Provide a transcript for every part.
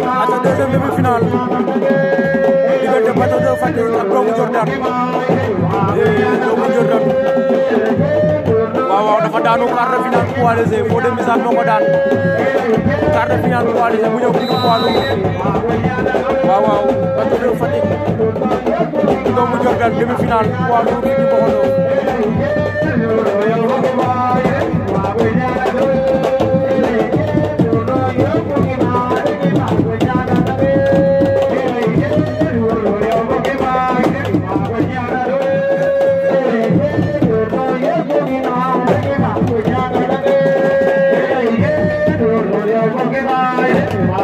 ak deuxième demi-finale diggante Pato de Fatick a doomu Jordan doomu Jordan waaw waaw dafa daanu quart de finale poids léger Fodé Missane moo ko daan quart de finale poids léger bu ñëw kii poids lourd waaw waaw Pato de Fatick doomu Jordan demi-finale poids lourd kii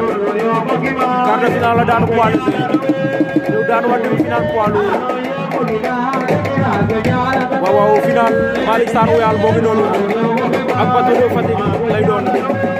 ndeysaan quart de a la daan poids lourd ñu daan waddi final poids lourd waaw waaw final Malick Sarr Royal moo ngi noonu ak Bateau de Fatick lay doon